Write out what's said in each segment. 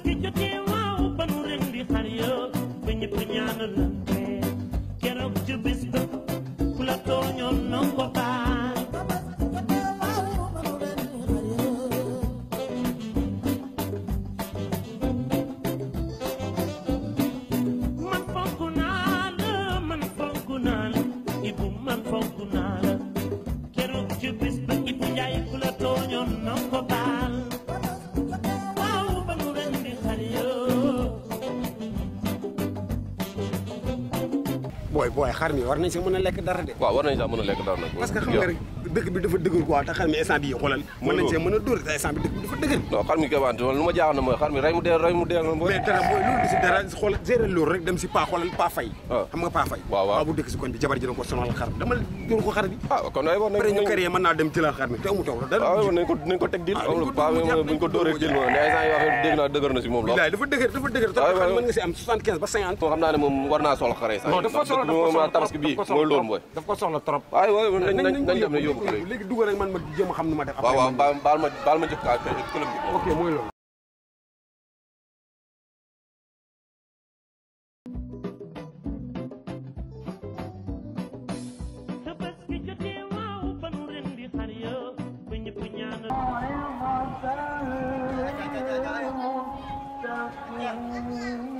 tabaski jotee waaw ba nu rendi xar ya ba ñëpp ñaanalante keroog ci bis ba ku la tooñoon nanga booy booy xar mi war nañ sa mën a lekk dara de waaw war nañ sa mën a lekk dara nag parce que xam nga rek dëkk bi dafa dëgër quoi te xar mi instant bi xoolal mën nañ see mën a dóor te instant bi dëkk bi dafa dëgër non xar mi kebante lu ma jaaxal na mooy xar mi rey mu dee rey mu dee mais dara mooy loolu di si dara xool gérer loolu rek dem si paa xoolal paa fay ah. xam nga paa fay waaw waaw bu dëkk si koñ bi jabar ji doon ko sonal xar bi dama dóor ko xar bi waaw ah, kon ay war nañ ñu kër yi mën naa dem jëlal xar mi te amu taw dara waaw ah, nañ ko nañ ko teg dil paa buñ ko dóoree dil moom mais instant yi wax dégg naa dëgër na si moom lool dafa dëgër dafa dëgër te mën nga si am 75 ba 50 xam naa ne moom war naa sol xar moom tabaski bii mooy loolu mooy daf ko soxla trop waaw waaw nañ nañ dem ne yóbbu ko léegi dugal rek man ma jéem a xam nu ma def waaw waaw baal ma baal ma jëf kaa këlëm bi ok mooy loolu Yeah.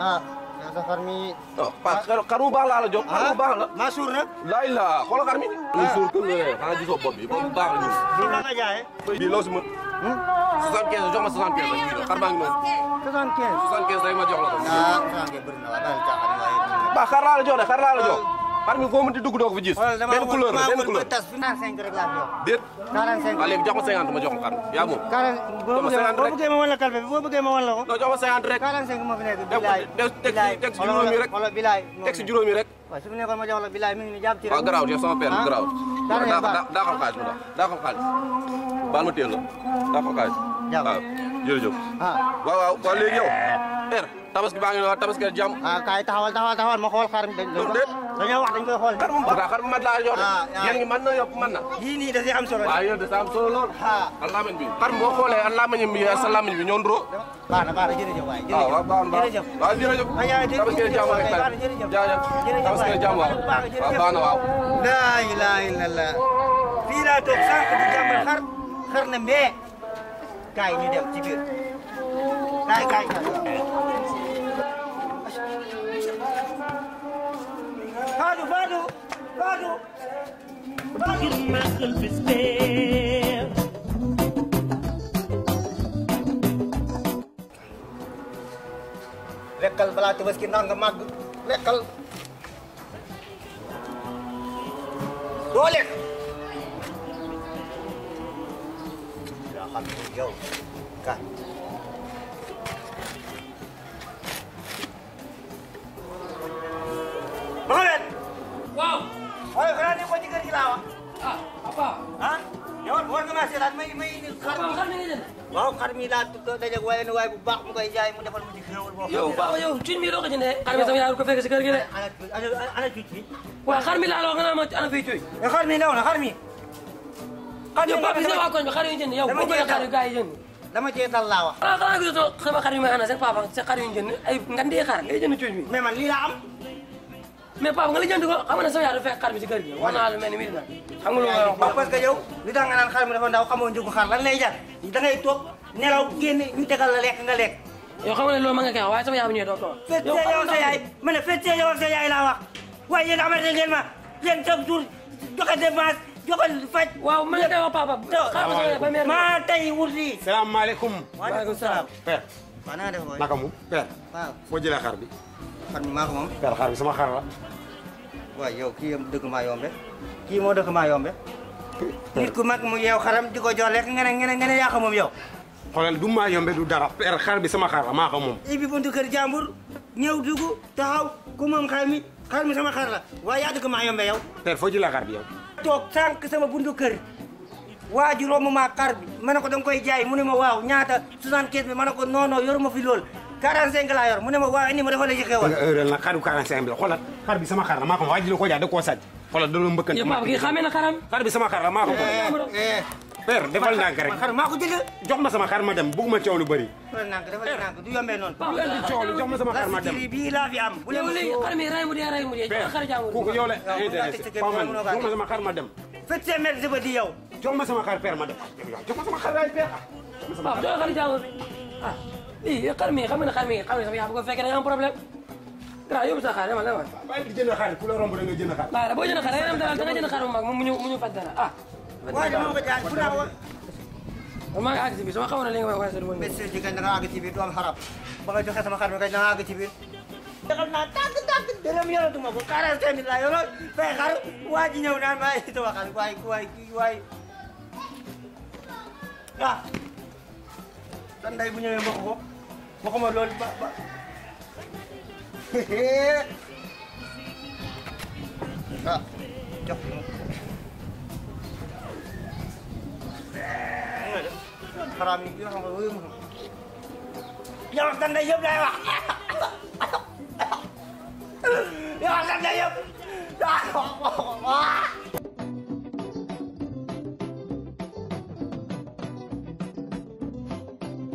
ah. sa xar mi. non oh, parce que xar bu baax laa la jox. xar bu baax la ah, maa suur nag. laay laa mi. ah suur kër nga ne xanaa gisoo bopp bi bopp bu baax la ñu. lii la nga jaayee. bii loo si mën. Hmm? ma 75 la xar baa ngi noonu. 75 75 rek ma jox la ko. Ah, laa la jox de parmi foo mënti dugg doo ko fi gis. benn couleur la benn couleur tas 45 rek laa jox. déet 45 waaw léegi jox ma ma jox ma xar yaa moom. 40 boo bëggee ma wan la calme bi boo bëggee ma wan la ko. non jox ma 50 rek. bilaay bilaay teg si juróomi rek juróomi rek. waaw su ma ma jox la bilaay mi ngi nii ci rek. waaw garaaw yow sama père ah. garaaw. daa daa xam xaalis daa xam xaalis baal ma teel la daa per tabaski baa ngi noonu tabaski ak ah kaay taxawal taxawal taxawal ma xool xar mi kan, dañ dañoo wax dañ koy xool xar mu baax xar mu mat ah, ya, yor yéen ngi mën na yokk mën na solo waaw yéen da si ah, iya, mau solo lool alaamañ bi xar boo xoolee alaamañ bi asalaamañ bi ñoo nduroo baax na baax na jërëjëf waay jërëjëf waaw jërëjëf tabaski ak jàmm rek jaajëf tabaski ak jàmm waaw baax na waaw illallah fii laa toog sànq di jàmmal xar xar na mbee kaay ñu ないかいバルバルバルバル myself is there lekal belatu meski non ngemag lekal boleh Silahkan Kan waaw xar mi laa dajeeg waaye ne waaye bu baax mu koy jaay mu defal mu ci yow baax yow ko jëndee xar mi sama yaay ko fekk si kër gi de ana tuuti mi laa la nga naan ma ana fii eh, na xar mi xar yow papa sa waa koñ bi xar yu jënd yow boo koy xar yu gars dama cee laa wax ah, xanaa xanaa gisatoo sama xar yu may xanaa seen papa sa xar yu jënd ay ngandee xar ngay jënd tuuti mais papa nga lijjanti ko xam nga ne sa yaay dafa fekk xar bi ci kër gi. la mel ni mii dina xam nga ma wax parce que yow li tax nga naan xar mi dafa ndaw xamoo njëgu xar lan lay jar da ngay toog nelaw génn ñu tegal la lekk nga lekk yow xam nga ne loolu ma nga koy wax waaye sama yaay bu ñëwee doo ko wax fete yow sa yaay ma ne fete yow sa yaay laa wax waaye yéen amate ngeen ma yéen chaque jour joxe dépense joxe faj waaw ma nga koy wax papa maa tey wut lii salaamaaleykum waaleykum salaam père naka mu père foo jëlee xar bi xar mi maa ko moom. yàlla xar bi sama xar la. waaw yow kii yam dëgg maa yombe kii moo dëgg maa yombe nit ku mag mu yeew xaram di ko nga ne nga ne nga ne yaa ko yow. yombe per xar bi sama xar la maa ko moom. ibi buntu kër jàmbur ñëw dugg taxaw ku moom xar mi xar mi sama xar la waaye yaa dëgg maa yombe yow. per foo ji la xar bi yow. toog sànq sama buntu kër waaju romb xar bi ma koy jaay mu ne ma waaw ñaata 75 bi ma ne yoruma fi 45 laa yor mu ne ma waaw indi ma dafa la ci xewal heurel nag xaru 45 bi la xoolal xar bi sama xar la maa ko ma waa ji la ko jaay da koo sàcc xoolal da doon mbëkkante ma kii xamee na xaram xar bi sama xar la maa ko eh, eh, eh. père defal nànk rek xar maa ko jël jox ma sama xar ma dem bëgguma coow lu bëri defal nànk defal nànk du yombee noonu bu leen di coow lu jox ma sama xar ma dem bii laa fi am bu leen léegi xar mi ray mu dee ray mu dee jox xar jàmbur kooku yow la intéressé jox ma sama xar ma dem fëttee mel si ba di yow jox ma sama xar père ma dem jox ma sama xar laay père jox ma sama xar jàmbur bi ah. lii xar mi xam nga ne xar mi xam nga ne sama yaa ko fekkee da nga am problème. dara yóbbu sa xar dama la wax. waaye di jënd xar ku la romb da nga jënd xar. waaw boo jënd xar da nga am dara da nga jënd xar bu mag mu ñu mu ñu faj dara ah. waaye dama ko jaay fu naa woon. maa ngi àgg ci biir sama xamoon na li nga wax sa dugub. monsieur Diakhen dana àgg ci biir du am xarab ba nga joxe sama xar mi kay dana àgg ci biir. xam naa tàgg tàgg dërëm yoratuma ko quarante cinq mille laa yoro fay xar waa ji ñëw naan waaye ituma xar waay waay waay ah. sa nday yang ñëwee mbokk ko mbokk ma loolu ba ba ah jox ma xaraam yi yoo xam nga wéyu ma yow sa nday yëpp lay